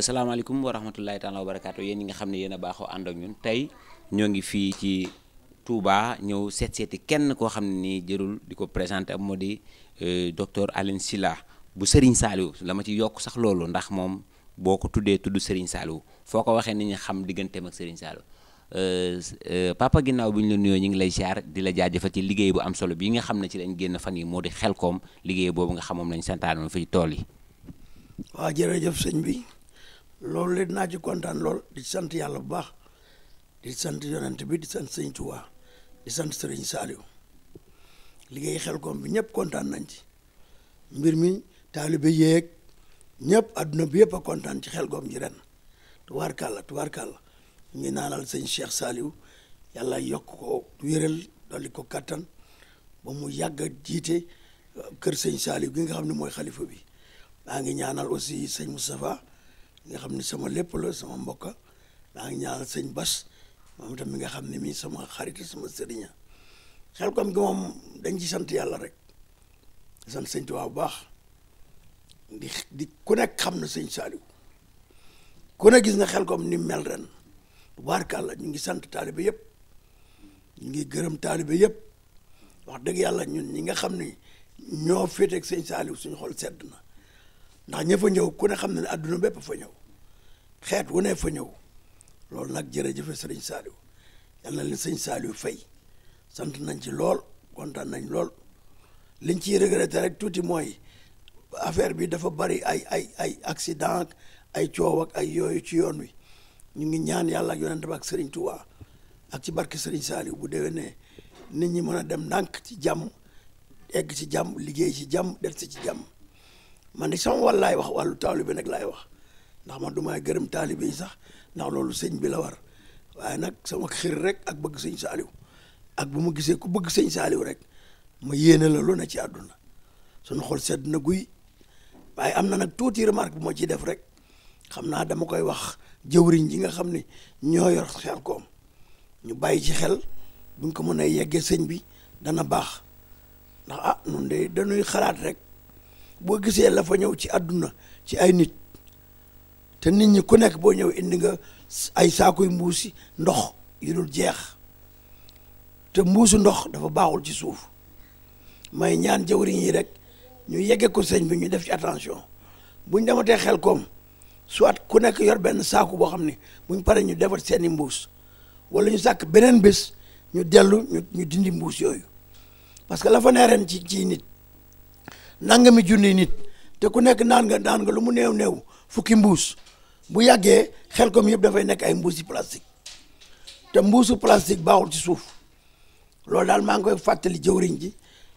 salaamaaleykum wa rahmatullahi taala wa barakaatu yéen ñi nga xam ne yéen a baaxoo ànd ak ñun tey ñoo ngi fii ci Touba ñëw seet seeti kenn koo xam ne nii jërul di ko am moo di euh, docteur Alioune silla bu Serigne Saliou la ma ci yokk sax loolu ndax moom boo ko tuddee tudd Serigne Saliou foo ko waxee ni ñu xam digganteem ak Serigne Saliou euh, euh, papa ginnaaw bi ñu la nuyoo ñu ngi lay siyaar di la jaajëfal ci liggéey bu am solo bi nga xam ne ci lañ génn fan yi moo di Xelcom liggéey boobu nga xamoom moom lañ fii tool yi. waaw sëñ bi. loolu leen naa ci kontaan lool di sant yàlla bu baax di sant yonent bi di sant sëñ Tuubaa di sant sëriñ Saaliw liggéey Xelcom bi ñëpp kontaan nañ ci mbir mi taalibe yéeg ñëpp adduna bi yëpp a kontaan ci xel Xelcom ji ren tubaarkàlla tubaarkàlla ñu ngi naanal sëñ Cheikh Saaliw yàlla yokk ko wéral dolli ko kattan ba mu yàgg a jiite uh, kër sëñ Saaliw gi nga xam ne mooy xalifa bi maa ngi ñaanal aussi sëñ Moustapha nga xam ni sama lépp la sama mbokka daa ngi ñaanal sëñ Bas moom itam mi nga xam ne mii sama xarit sama sëriña xel kom gi moom dañ ci sant yàlla rek sant sëñ Tuubaa bu baax di di ku nekk xam na sëñ Saaliw ku gis na xel kom ni mel ren tubaarkàlla ñu ngi sant taalibe yëpp ñu ngi gërëm taalibe yëpp wax dëgg yàlla ñun ñi nga xam ni ñoo féeteeg sëñ Saaliw suñu xol sedd na ndax ña fa ñëw ku ne xam na ne adduna bépp fa ñëw xeet wu ne fa ñëw loolu nag jërëjëfe sëriñ Saliou yal na leen sëñ Saliou fay sant nañ ci lool kontaan nañ lool liñ ciy regretté rek tuuti mooy affaire bi dafa bari ay ay ay accident ay coow ak ay yooyu ci yoon wi ñu ngi ñaan yàlla ak yonent ak sëriñ Touba ak ci barke sëriñ Saliou bu déwénee nit ñi mën a dem ndànk ci jàmm egg ci jàmm liggéey ci jàmm def ci ci jàmm man de sama wàll laay wax wàllu taalibe nag laay wax ndax ma du gërëm taalibe yi sax ndax loolu sëñ bi la war waaye nag sama xir rek ak bëgg sëñ saaliw ak bu ma gisee ku bëgg sëñ saaliw rek ma yéene la lu ne ci àdduna suñu xol sedd na guy waaye am na nag tuuti remarque bu ma ciy def rek xam naa dama koy wax jëwriñ ji nga xam ni ñoo yor xel koom ñu bàyyi ci xel buñ ko mën a yeggee sëñ bi dana baax ndax ah nun de dañuy xalaat rek boo gisee la fa ñëw ci àdduna ci ay nit te nit ñi ku nekk boo ñëw indi nga ay saakuy yi ndox yu dul jeex te mbuusu ndox dafa baaxul ci suuf may ñaan jawriñ yi rek ñu yegge ko sëñ bi ñu def ci attention buñ dematee xel koom soit ku nekk yor benn saaku boo xam ne buñ paree ñu defar seeni mbuus wala ñu sàkk beneen bés ñu dellu ñu dindi mbuus yooyu parce que la fa neereen ci ci nit mi junni nit te ku nekk naan nga naan nga lu mu néew néew fukki mbuus bu yàggee xel kom yëpp dafay nekk ay mbuusi plastique te mbuusu plastique baaxul ci suuf loolu daal maa ngi koy fàttali jëwriñ ji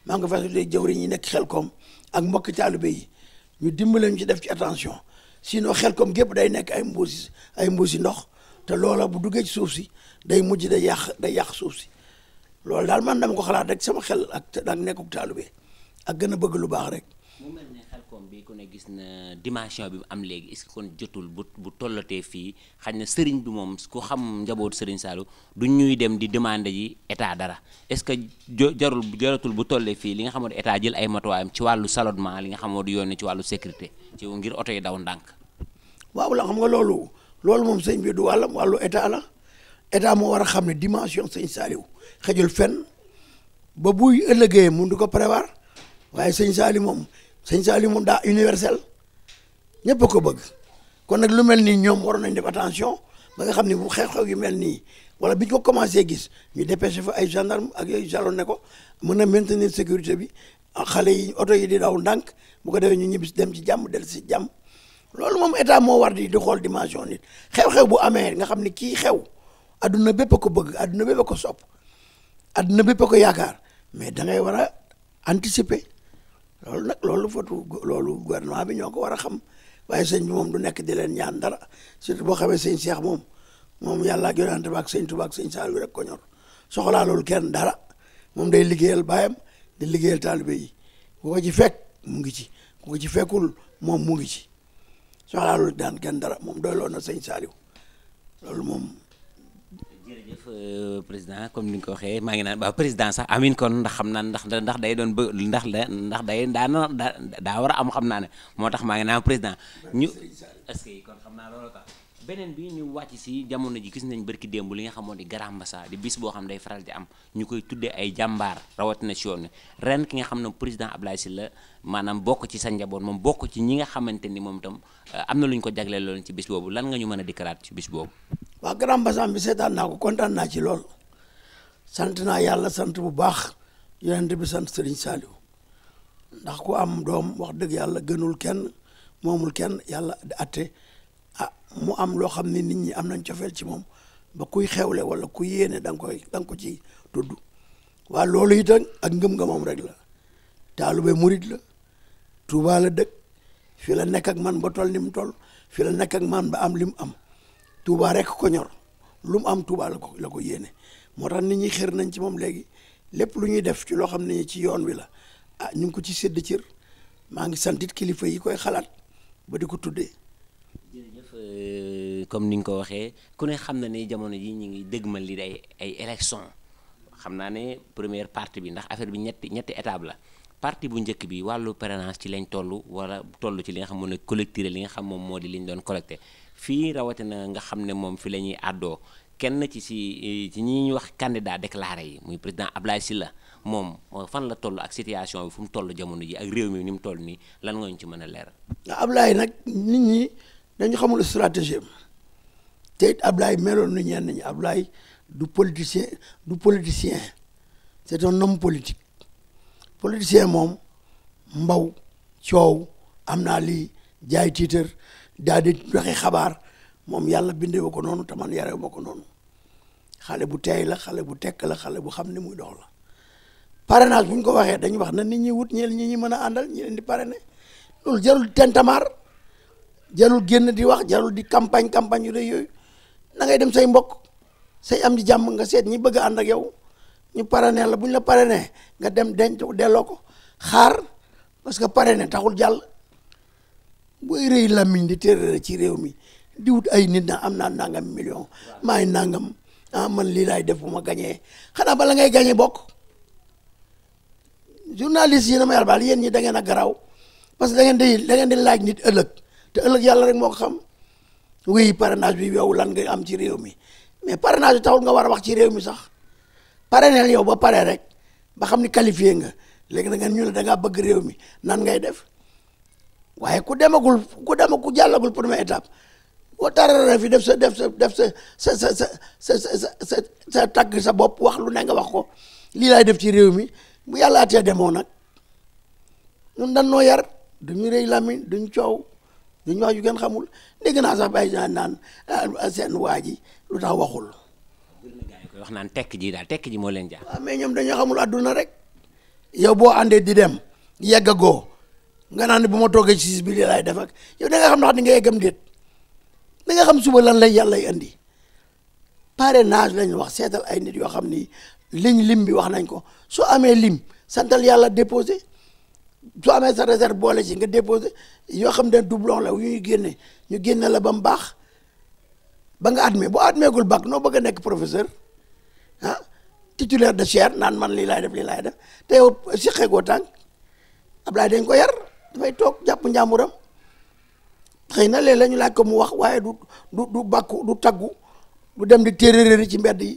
maa ngi koy fàttali jëwriñ yi nekk xel kom ak mbokki taalibe yi ñu dimbale ñu ci def ci attention sinon xel kom day nekk ay mbuusi ay mbuusi ndox te loola bu duggee ci suuf si day mujj day yàq day yàq suuf si loolu daal man dama ko xalaat rek sama xel ak ak nekkuk taalibe ak gën a bëgg lu baax rek. mu mel ne Khelcom bi ku ne gis na dimension bi am léegi est kon jotul bu bu tollatee fii xañ na sëriñ bi moom ku xam njaboot sëriñ Saliou du ñuy dem di demander yi état dara est-ce que jo jarul jaratul bu tollee fii li nga xamante état jël ay matuwaayam ci wàllu salonnement li nga xamoo du yoon ci wàllu sécurité ci ngir oto yi daw ndànk. waaw la xam nga loolu loolu moom sëñ bi du wàllam wàllu état la état moo war a xam ne dimension sëñ Saliou xëjul fenn ba buy ëllëgee mun du ko prévoir. waaye sëñ Saali moom sëñ Saali moom daa universel ñëpp ko bëgg kon nag lu mel nii ñoom waroon nañ def attention ba nga xam ni bu xew-xew yu mel nii wala bi ñu ko commencé gis ñu dépêché fa ay gendarme ak yooyu jalon ne ko mën a maintenir sécurité bi xale yi oto yi di daw ndànk bu ko defee ñu ñibbi dem ci jàmm del si jàmm loolu moom état moo war di di xool dimension nit xew-xew bu amee nga xam ni kii xew adduna bépp a ko bëgg adduna bépp a ko sopp adduna bépp a ko yaakaar mais da war a anticiper loolu nag loolu fatu loolu gouvernement bi ñoo ko war a xam waaye sëñ bi moom du nekk di leen ñaan dara surtout boo xamee sëñ Cheikh moom moom yàlla ak yonante ba ak sëñ ak sëñ Saaliw rek ko ñor soxlaa loolu kenn dara moom day liggéeyal baayam di liggéeyal taalibe yi ku ko ci fekk mu ngi ci ku ko ci fekkul moom mu ngi ci soxlaa loolu daan kenn dara moom doyloo na sëñ Saaliw loolu moom jërëjëf euh, président comme ni nga ko waxee maa ngi naan ba président sax amin kon ndax xam naa ndax ndax day doon bë ndax da ndax day daana daa war a am xam naa ne moo tax maa ngi naan président ñu est-ce beneen bi ñu wàcc si jamono ji gis nañ bërki démb li nga xamoon di Grand Mbassa di bis boo xam day faral di am ñu koy tuddee ay jàmbaar rawatina si yoon ren ki nga xam ne président Abdoulaye la maanaam bokk ci sa njaboot moom bokk ci ñi nga xamante ni moom itam Euh, am na lu ñu ko jagleel loolu ci bis boobu lan nga ñu mën a dikkaraat ci bis boobu. waa Grand Bassam bi seetaan naa ko kontaan naa ci lool sant naa yàlla sant bu baax yonent bi sant Serigne Saliou ndax ku am doom wax dëgg yàlla gënul kenn moomul kenn yàlla di atte ah mu am loo xam ne nit ñi am nañ cofeel ci moom ba kuy xewle wala ku yéene da nga koy ko ci tudd waa loolu itam ak ngëm-ngëmam rek la taalube murit la Tuubaa la dëkk. fii la nekk ak man ba toll ni mu toll fii la nekk ak man ba am li mu am Touba rek ko ñor lu mu am Touba la ko la ko yéene moo tax nit ñi xër nañ ci moom léegi lépp lu ñuy def ci loo xam ne ci yoon wi la ah ñu ngi ko ci sédd cër maa ngi santit kilifa yi koy xalaat ba di ko tuddee. Euh, comme ni nga ko waxee ku ne xam na ne jamono ji ñu ngi dégmal li day ay élection xam naa ne première partie bi ndax affaire bi ñetti ñetti étape la. partie bu njëkk bi wàllu parrainage ci lañ toll wala toll ci li nga xam moom ne collecter li nga xam moom moo di li ñu doon collecté fii rawatina nga xam ne moom fi la ñuy àddoo kenn ci si ci ñi ñuy wax candidat déclaré yi muy président si la moom fan la toll ak situation bi fu mu toll jamono ji ak réew mi ni mu toll nii lan nga ñu ci mën a ab Ablaye nag nit ñi dañu xamul stratégie te it Ablaye meloon na ñenn ab Ablaye du politicien du politicien c'est un homme politique. politicien moom mbaw coow am naa lii jaay tiitar daal di joxe xabaar moom yàlla bindewu ko noonu taman yarewu ma ko noonu xale bu teey la xale bu tekk la xale bu xam ni muy dox pare parrainage bu ko waxee dañu wax na nit ñi wut ñeel ñi ñi mën a àndal ñi leen pare parrainer loolu jarul tentamar jarul génn di wax jarul di campagne campagne yu rëy yooyu na ngay dem say mbokk say am di jàmm nga seet ñi bëgg a ànd ak yow ñu parrainé la bu ñu la ne nga dem denc delloo ko xaar parce que parrainé taxul jàll booy rëy làmmiñ di téere ci réew mi di wut ay nit na am naa nangam million maay nangam ah man lii def bu ma gañee xanaa bala ngay gañee bokk journaliste yi na ma yàlla baal yéen ñi da ngeen a garaaw parce que da ngeen di da ngeen di laaj nit ëllëg te ëllëg yàlla rek moo ko xam pare parrainage bi yow lan nga am ci réew mi mais parrainage bi taxul nga war a wax ci réew mi sax pare neel yow ba pare rek ba xam ni qualifié nga léegi da nga ñu ne da bëgg réew mi nan ngay def waaye ku demagul ku dem ku jàllagul première étape boo tarara fi def sa def sa def sa sa sa sa sa sa sa sa bopp wax lu nekk nga wax ko lii laay def ci réew mi mu yàlla atee demoo nag ñun dañ noo yar duñu rëy làmmiñ duñ coow duñ wax yu kenn xamul dégg naa sax bay naan seen waa ji lu tax waxul. wax naan tekki jii daal tekki ji moo leen jaa waaw ah, mais ñoom dañoo xamul àdduna rek yow boo àndee di dem yeggagoo nga naan bu ma toogee ci bi lii laay def yow da xam ndax di nga yeggam déet da nga xam suba lan lay yàlla indi parrainage lañ wax seetal ay nit yoo xam ni liñ lim bi wax nañ ko soo amee lim santal yàlla déposé soo amee sa réserve boole ci nga déposé yoo xam ne doublon la yu ñuy génne ñu génne la ba mu baax ba nga admé boo admégul bac noo bëgg a nekk professeur. ah titulaire de chaire naan man lii laay def lii laay def te yow si xegoo tànk Ablaye dañ ko yar dafay toog jàpp njàmburam xëy na léeg lañu ñu laaj ko mu wax waaye du du du du taggu du dem di téeréeri ci mbedd yi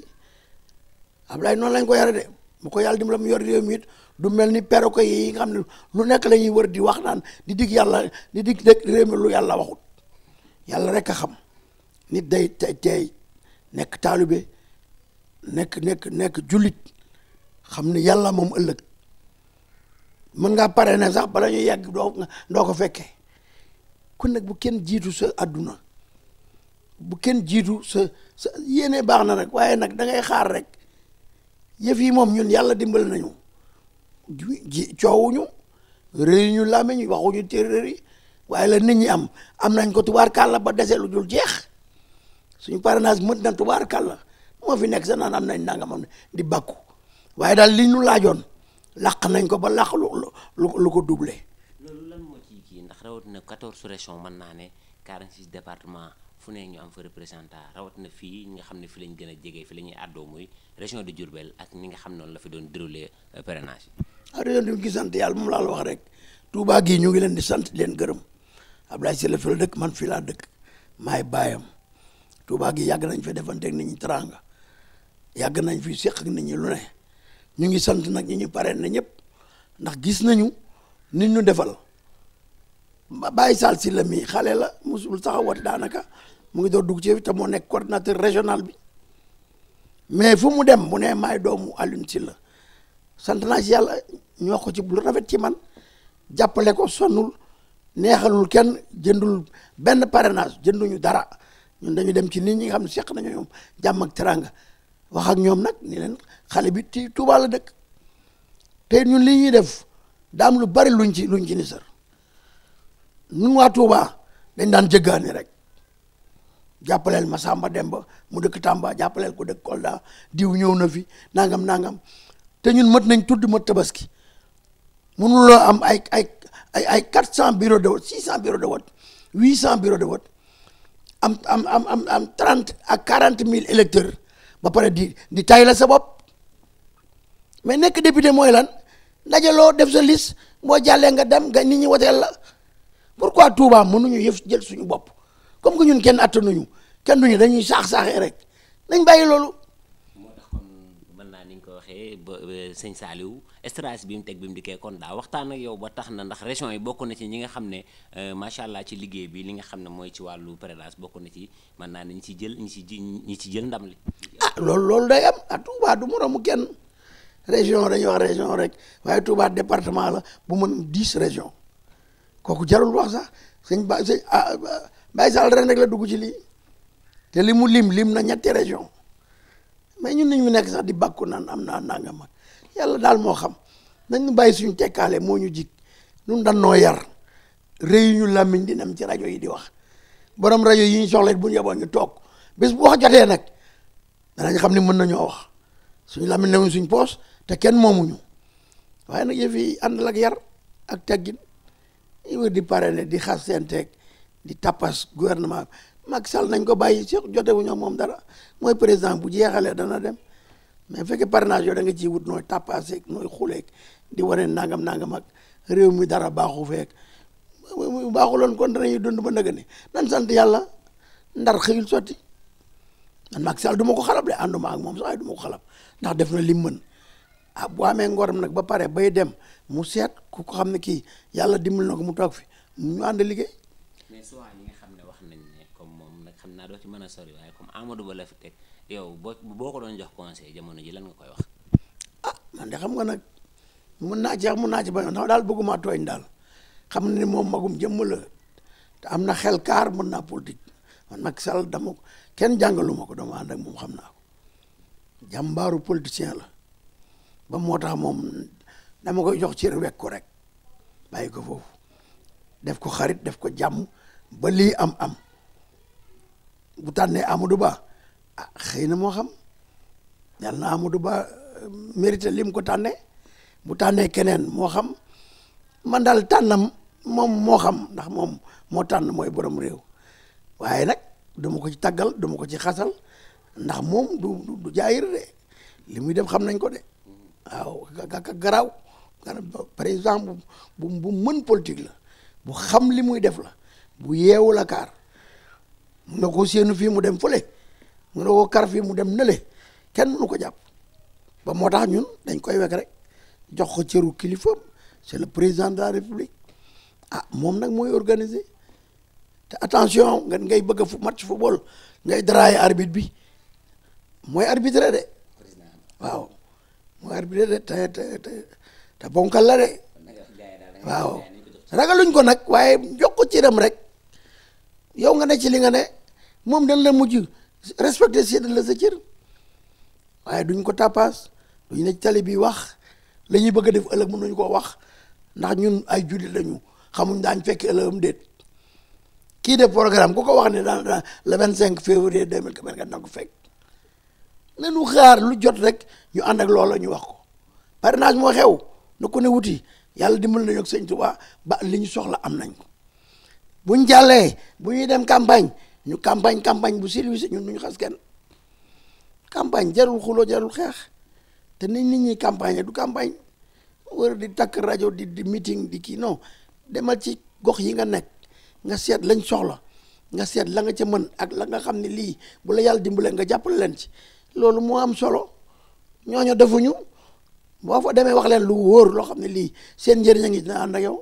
Ablaye noonu lañ ko yara de bu ko yàlla dimbali mu yor réew mi du mel ni perroquet yi nga xam ne lu nekk lañuy ñuy wër di wax naan di dig yàlla di dig réew mi lu yàlla waxut yàlla rek a xam nit day tey tey nekk taalibe nekk nekk nekk jullit xam ne yàlla moom ëllëg mën ngaa pare ne sax bala ñuy yàgg doo doo ko fekkee kon nag bu kenn jiitu sa adduna bu kenn jiitu sa sa baax na rek waaye nag dangay xaar rek yëf yi moom ñun yàlla dimbal nañu ji coowuñu réyu ñu làmmiñ waxuñu téeréer yi waaye la nit ñi am am nañ ko tubaarkàlla ba dese lu dul jeex suñu parrainage mën na tubaarkàlla moo fi nekk sa naan am nañ nangam am di bakku waaye daal li ñu laajoon làq nañ ko ba làq lu lu ko doublé. loolu la moo ciy kii ndax rawatina 14 régions mën naa ne 46 départements fu ne ñu am fa représentant na fii ñi nga xam ne fi lañ gën a jege fi la ñuy àddoo muy région de Diourbel ak ni nga xam noonu la fi doon déroulé euh, parrainage yi. ah région de Diourbel sant yàlla moom laa la wax rek Touba gii ñu ngi leen di sant leen gërëm Abdoulaye Sylla fi la dëkk man fii laa dëkk maay baayam Touba gii yàgg nañ fa defanteeg nit ñi teraanga yàgg nañ fi seq ak nit lu ne ñu ngi sant nag ñi ñu pare na ñëpp ndax gis nañu nit ñu defal Baye Sall si la mi xale la musul taxawati daanaka mu ngi door dugg ci te moo nekk coordinateur régional bi mais fu mu dem mu ne maay doomu Alioune Sylla sant naa ci yàlla ñu wax ko ci lu rafet ci man jàppale ko sonnul neexalul kenn jëndul benn parrainage jënduñu dara ñun dañu dem ci nit ñi nga xam ne seq nañu ñoom jàmm wax ak ñoom nag ni leen xale bi ci Touba dëkk te ñun li ñuy def daam lu bari luñ ci luñ ci ni sër ñun waa Touba dañ daan jëggaani rek jàppaleel ma Samba Demba mu dëkk Tamba jàppaleel ko dëkk Kolda diw ñëw na fi nangam nangam te ñun mët nañ tudd mët tabaski mënuloo am ay ay ay ay quatre cent bureau de vote six cent bureau de vote huit cent bureau de vote am am am am am trente ak quarante mille électeurs ba pare di di tay la sa bopp mais nekk député mooy lan ndaje loo def sa liste boo jàllee nga dem nga nit ñi woteel la pourquoi nu ñu yëf jël suñu bopp comme que ñun kenn attanuñu kenn duñu dañuy saax saaxee rek nañ bàyyi loolu. ba sëñ Saliou stratégie bi mu teg bi mu dikkee kon daa waxtaan ak yow ba tax na ndax région yi bokk na ci ñi nga xam ne euh, macha allah ci liggéey bi li nga xam ne mooy ci wàllu prédage bokk na ci mën naa ne ñi ci jël ñi ci ñi ci jël ndam li. ah loolu loolu day am ah Touba du moromu kenn région dañuy wax région rek waaye Touba département la bu mën dix région kooku jarul wax sax sëñ Ba sëñ ah, Baye Sall rek la dugg ci lii te li mu lim lim na ñetti région mais ñun ñu nekk sax di bàkku nan am naa nangam yàlla daal moo xam nañ ñu bàyyi suñu tekkaale moo ñu jig ñun dan noo yar réyu ñu làmmiñ di nem ci rajo yi di wax borom rajo yi ñu soxla bu ñu yeboon ñu toog bis bu wax jotee nag danañ xam ni mën nañoo wax suñu làmmiñ newuñ suñu poos te kenn moomuñu waaye nag yëf yi àndal ak yar ak teggin yi wër di pare ne di xas seen teeg di tappas gouvernement Macky Sall nañ ko bàyyi si jotewuñoo moom dara mooy président bu jeexalee dana dem mais fekkee pare yooyu da nga ciy wut nooy tappaseeg nooy xuleeg di wane nangam nangam ak réew mi dara baaxu feek baaxuloon kon danañuy dund ba nëgë ni nan sant yàlla ndar xëyul sotti man Macky Sall du ma ko xalab de ànduma moom sax du ma ko ndax def na lim mën ah bu amee ngoram nag ba pare bay dem mu seet ku ko xam ne kii yàlla dimbal na ko mu toog fi ñu ànd liggéey ci mën a sori waaye comme Amadou Ba la teg yow boo ko doon jox conseil jamono ji lan nga koy wax. Ah, man de xam nga nag mun naa ci mun naa ci bañ daal bëgguma tooñ daal xam ne moom magum jëmm te am na xel kaar mën naa politique man Macky Sall dama kenn jàngaluma ko dama ànd ak moom xam naa ko jàmbaaru politicien la ba moo tax moom dama koy jox ci wekk ko rek bàyyi ko foofu def ko xarit def ko jàmm ba lii am am. bu tànnee Amadou Ba ah xëy na moo xam yàlla na Amadou Ba euh, mérité lim ko tànnee bu tànnee keneen moo xam man daal tànnam moom moo xam ndax moom moo tànn mooy borom réew waaye nag duma ko ci tàggal duma ko ci xasal ndax moom du du jaayir de li muy def xam nañ ko de waaw gàkka garaaw par exemple bu mën politique la bu xam li muy def la bu yeewu la kaar mun na koo séenu fii mu dem fële mun na koo kar fii mu dem nële kenn mënu ko jàpp ba moo tax ñun dañ koy wekk rek jox ko cëru kilifaam c'est le président de la république ah moom nag mooy organiser te attention nga ngay bëgg a fu match football ngay draay arbitre bi mooy arbitre de waaw mooy arbitre de te te te te bonkal la de waaw ragaluñ ko nag waaye jox ko cëram rek yow nga ne ci li nga ne. moom dañ la mujj respecte si dañ la sa cër waaye duñ ko tappaas duñ ne tali bi wax lañuy bëgg a def ëllëg mën nañu koo wax ndax ñun ay jullit lañu xamuñ daañ fekk ëllëgam déet kii de programme ku ko wax ne daan le vingt cinq février deux mille vingt-quatre na ko fekk nanu xaar lu jot rek ñu ànd ak loola ñu wax ko bari parrainage moo xew na ko ne wuti yàlla dimbal nañu ak sëñ Tuubaa ba li ñu soxla am nañ ko buñ jàllee bu ñuy dem campagne ñu campagne campagne bu civilisé ñun duñu xas kenn campagne jarul xuloo jarul xeex te nit nit ñi campagne du campagne wër di takk rajo di di meeting di kii non demal ci gox yi nga nekk nga seet lañ soxla nga seet la nga ca mën ak la nga xam ne lii bu la yàlla dimbale nga jàppale leen ci loolu moo am solo ñooñu defuñu boo fa demee wax leen lu wóor loo xam ne lii seen njëriñ a ngi na ànd ak yow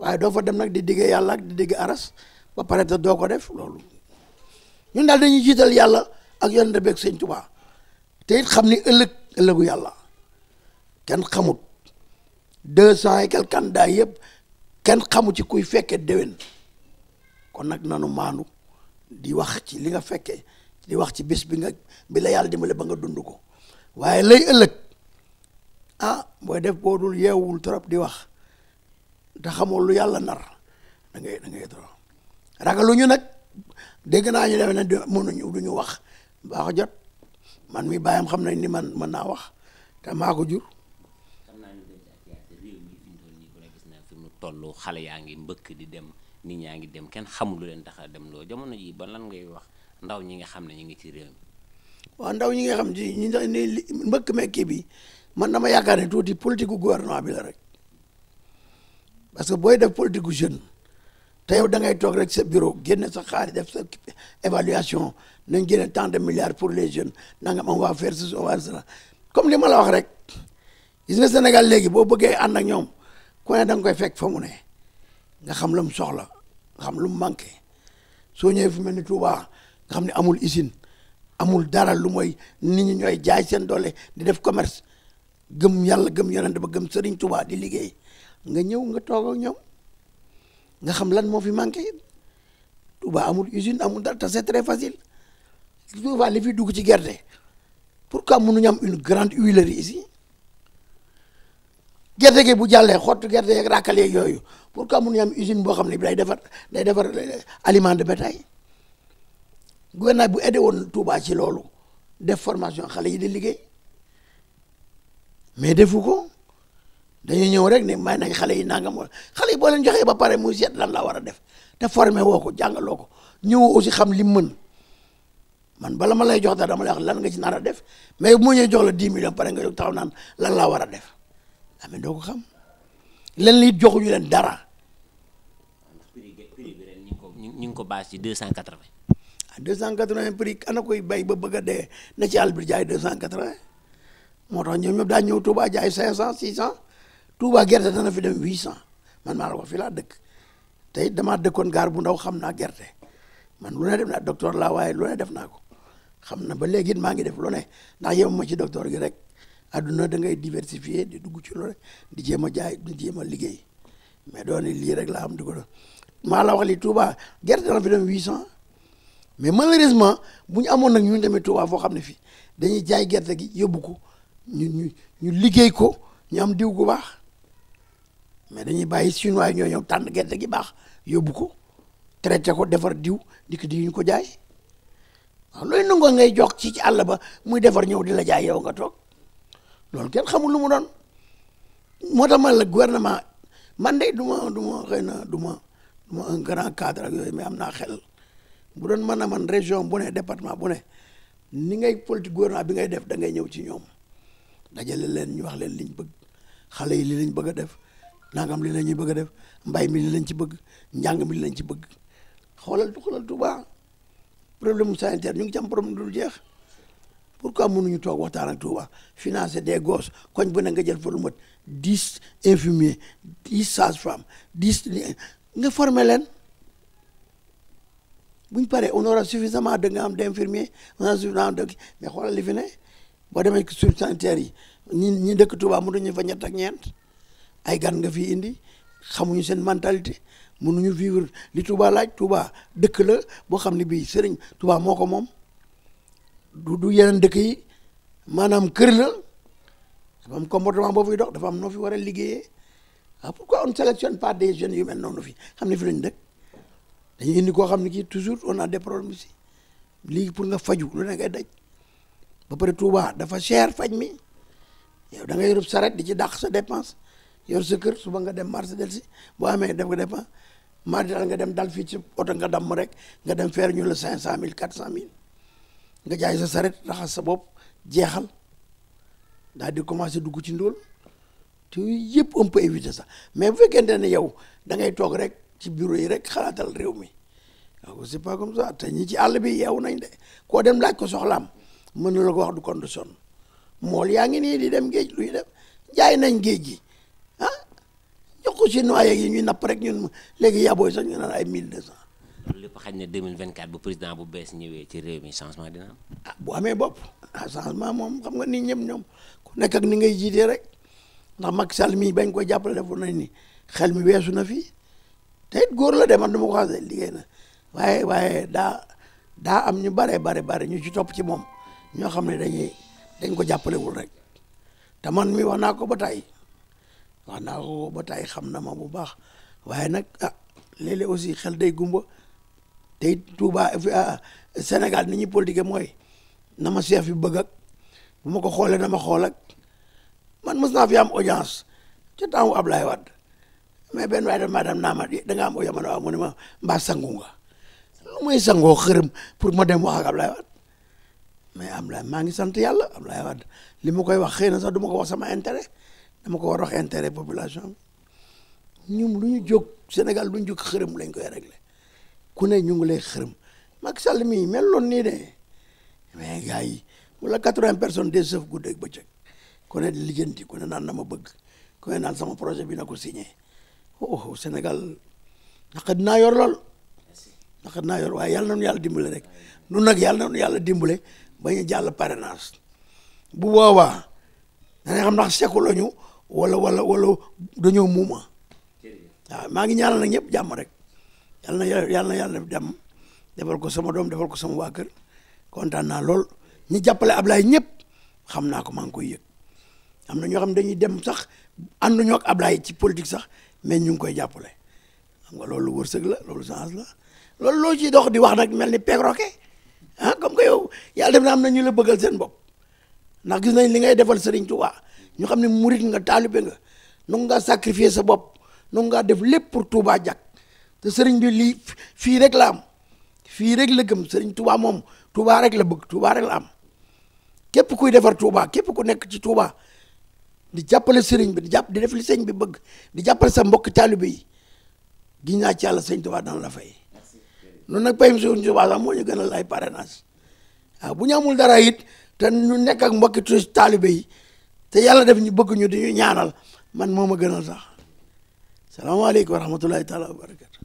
waaye doo fa dem nag di digge yàlla ak di digge aras ba pare te doo ko def loolu ñun daal dañuy jiital yàlla ak yonent beeg sëñ Tuubaa te it xam ni ëllëg ëllëgu yàlla kenn xamut deux cent et quelques candidats yëpp kenn xamu ci kuy fekkee déwén kon nag nanu maanu di wax ci li nga fekkee di wax ci bis bi nga bi la yàlla dimbale ba nga dund ko waaye lay ëllëg ah booy def boo dul yeewul trop di wax te xamoo lu yàlla nar da ngay da ngay ragaluñu nag dégg naa ñu demee ne du mënuñu duñu wax baax jot man mi bàyyam xam na ni man man naa wax te maa ko jur. xam naa ne toll xale yaa ngi mbëkk di dem nit ñaa ngi dem kenn xamul lu leen tax dem loo jamono ji ba lan ngay wax ndaw ñi nga xam ne ñu ngi ci réew mi. waaw ndaw ñi nga xam ci ñi ne mbëkk mekki bi man dama yaakaar ne tuuti politique gu gouvernement bi la rek parce que booy def politique gu te yow da ngay toog rek sa bureau génne sa xaalis def sa évaluation nañ génne tent de milliards pour les jeunes nanga on waa faire ceci on va cela comme li ma la wax rek gis nga Sénégal léegi boo bëggee ànd ak ñoom ku ne da nga koy fekk fa mu ne nga xam lu mu soxla nga xam lu mu manqué soo ñëwee fu mel ni Touba nga xam ne amul usine amul dara lu mooy nit ñi ñooy jaay seen doole di def commerce gëm yàlla gëm yonent ba gëm Serigne Touba di liggéey nga ñëw nga toog ak ñoom. nga xam lan moo fi manqué Touba amul usine amul dara te c'est très facile li fi dugg ci gerte pour pourquoi mënuñu am une grande huilerie ici gerte gi bu jàllee xottu gerte yeeg raakale yeeg yooyu pourquoi mënuñu am usine boo xam ne day defar day defar eh, aliment de bétail gouvernement bu aidé woon Touba ci loolu def formation xale yi di liggéey mais defu ko. dañuy ñëw rek ne may nañ xale yi nangam wala xale yi boo leen joxee ba pare muy seet lan la war a def te formé woo ko jàngaloo ko ñëw ñëwoo aussi xam li mën man bala ma lay jox dara dama lay wax lan nga ci nar a def mais mu ñëw jox la dix millions pare nga jóg taxaw naan lan laa war a def amee ah, doo ko xam leen li joxuñu leen dara. ñu ngi ko baas si deux cent quatre-vingt. ah deux cent quatre-vingt prix koy bay ba bëgg a dee ci àll bi jaay deux cent quatre moo tax ñoom ñëpp daa ñëw Touba jaay cinq cent six cent. Touba gerte dana fi dem huit man maa la ko fi laa dëkk tey damaa dëkkoon gaar bu ndaw xam naa gerte man lu ne def naa docteur laa waaye lu ne def naa ko xam na ba léegi it maa ngi def lu ne ndax yemuma ci docteur gi rek adduna da ngay diversifier di dugg ci lu di jéem a jaay di jéem a liggéey mais doon lii rek la am di ko doon maa la wax li gerte dana fi dem huit cent mais malheureusement bu ñu amoon nag ñun tamit Touba foo xam ne fii dañuy jaay gerte gi yóbbu ko ñu ñu ñu liggéey ko ñu am diw gu baax. mais dañuy bàyyi chinois yi ñoo ñëw tànn gerte gi baax yóbbu ko traité ko defar diw dikk di ñu ko jaay waaw looy nangoo ngay jox ci ci àll ba muy defar ñëw di la jaay yow nga toog loolu kenn xamul lu mu doon moo tax man la gouvernement man de du ma du ma xëy na du ma du ma un grand cadre yooyu mais am naa xel mu doon mën a man région bu ne département bu ne ni ngay politique gouvernement bi ngay def da ngay ñëw ci ñoom dajale leen ñu wax leen liñ bëgg xale yi li lañ bëgg a def nangam li la ñuy bëgg a def mbay mi li lañ ci bëgg njàng mi lañ ci bëgg xoolal xoolal Touba problème sanitaire ñu ngi ci am problème dul jeex pourquoi ñu toog waxtaan ak Touba financer des gosses koñ bu ne nga jël fa lu mat dix infirmiers dix sages-femmes dix nga former leen bu ñu paree on aura suffisamment de nga am d'infirmiers on aura suffisamment de mais xoolal li fi ne boo demee sur sanitaire yi ñi ñi mu Touba ñu fa ñett ak ñeent. ay gan nga fi indi xamuñu seen mentalité mënuñu vivre li tuuba laaj Touba dëkk la boo xam ne bii sëriñ Touba moo ko moom du du yeneen dëkk yi maanaam kër la dafa am boo fiy dox dafa am noo fi war a liggéeyee ah pourquoi on ne pas des jeunes yu mel noonu fi xam ne fi ñu dëkk dañu indi koo xam ne kii toujours on a des problèmes ici lii pour nga faju lu ne ngay daj ba pare Touba dafa cher faj mi yow da ngay yorob saret di ci dàq sa dépense yor sa kër suba nga dem marché del si boo amee def nga dépense mardi daal nga dem dal fii ci oto nga damm rek nga dem feer ñu la cinq cent mille quatre cent mille nga jaay sa saret raxas sa bopp jeexal daal di commencé dugg ci ndóol te yëpp on peut éviter ça mais bu fekkente ne yow da ngay toog rek ci bureau yi rek xalaatal réew mi waaw c'est pas comme ça te ñi ci àll bi yeewu nañ de koo dem laaj ko soxlaam mën na la ko wax du condition mool yaa ngi nii di dem géej lu dem jaay nañ géej gi jox ko chinois yeeg yi ñuy napp rek ñun léegi yabooy sax ñu naan ay mille deux cent. lépp xañ na 2024 bu président bu bees ñëwee ci réew mi changement dina am. ah bu amee bopp ah changement moom xam nga ni ñëpp ñoom ko nekk ak ni ngay jiitee rek ndax Macky Sall mii bañ ko jàppale defoon nañ ni xel mi weesu na fii te it góor la de man du ma ko xasee liggéey na waaye waaye daa daa am ñu bare bare bare ñu ci topp ci moom ñoo xam ne dañuy dañ ko jàppalewul rek te man mi wax naa ko ba tey waa naa ko ba tey xam na ma bu baax waaye nag ah léeg aussi xel day gumba tey Touba ah, Sénégal ni ñuy politique mooy na ma chef bi bëgg ak bu ma ko xoolee na ma xool man mos naa fi am audience ca temps ab Ablaye Wade mais benn waaye damaa dem naa ma eh, da nga am audience ma ne waaw ma mbaa sangu nga muy sangoo xërëm pour ma dem wax ak Ablaye Wade mais Ablaye maa ngi sant yàlla Ablaye Wade li ma koy wax xëy na sax du ma ko wax sama intérêt. dama ko war wax intérêt population bi ñun lu ñu jóg Sénégal lu ñu jóg xërëm lañ koy réglé ku ne ñu ngi lay xërëm Macky Sall mii meloon nii de mais gars yi wala quatre-vingts personnes des sëf guddeeg bëccëg ku ne di ku ne naan na ma bëgg ku ne naan sama projet bi na ko signé senegal oh, oh, Sénégal naqad naa yor lool naqad naa yor waaye yàlla na nu yàlla dimbale rek nun nag yàlla na nu yàlla dimbale bañ a jàll parrainage bu boobaa danañ xam ndax sekku lañu wala wala wala dañoo muuma waaw maa ngi ñaanal nag ñëpp jàmm rek yal na yal na yàlla def jàmm defal ko sama doom defal ko sama waa kër kontaan naa lool ñu jàppale Ablaye ñëpp xam naa ko maa ngi koy yëg am na ñoo xam ne dañuy dem sax ànduñu ak Ablaye ci politique sax mais ñu ngi koy jàppale xam nga loolu wërsëg la loolu chance la loolu loo ciy dox di wax nag mel ni peeg roke ah comme que yow yàlla def na am na ñu la bëggal seen bopp ndax gis nañ li ngay defal Serigne Touba ñu xam ne murit nga taalibe nga nangu ngaa sacrifier sa bopp nangu ngaa def lépp pour Touba jag te sëriñ bi lii fii rek la am fii rek la gëm sëriñ Touba moom Touba rek la bëgg Touba rek la am képp kuy defar Touba képp ku nekk ci Touba di jàppale sëriñ bi di jàpp di li sëriñ bi bëgg di jàppale sa mbokk taalibe yi giñ naa ci yàlla sëriñ Touba dana la fay. noonu nag payum suñu Touba sax moo ñu gënal ay parrainage waaw bu ñu amul dara it te ñu nekk ak mbokki taalibe yi. te yàlla def ñu bëgg ñu di ñaanal man moo ma gënal sax salaamaaleykum wa rahmatullahi taala wa barakatu